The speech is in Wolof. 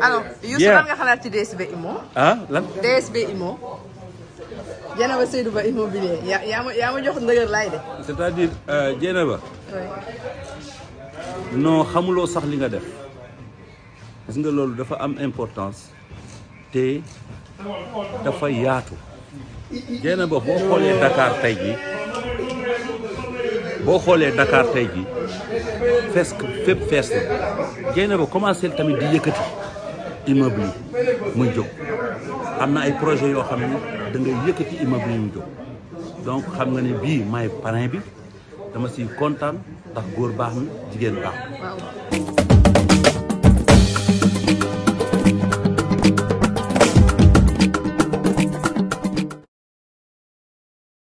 alors Youssou lan nga xalaat ci DSB Immo. ah lan DSB Immo. Dieynaba Seydou Ba immobilier yaa yaa ma yaa ma jox ndëgër laay de. c'est-à-dire euh, Dieynaba. xamuloo sax li nga def. gis nga loolu dafa am importance. te dafa yaatu. Dieynaba boo xoolee Dakar tey jii boo xoolee Dakar tey fees fépp fees na Dieynaba commencé tamit di yëkkati. immeuble yi muy jóg am na ay projet yoo xam ne da ngay yëkkati immeuble mu jóg donc xam nga ne bii maay parrain bi dama si kontaan ndax góor baax na jigéen baax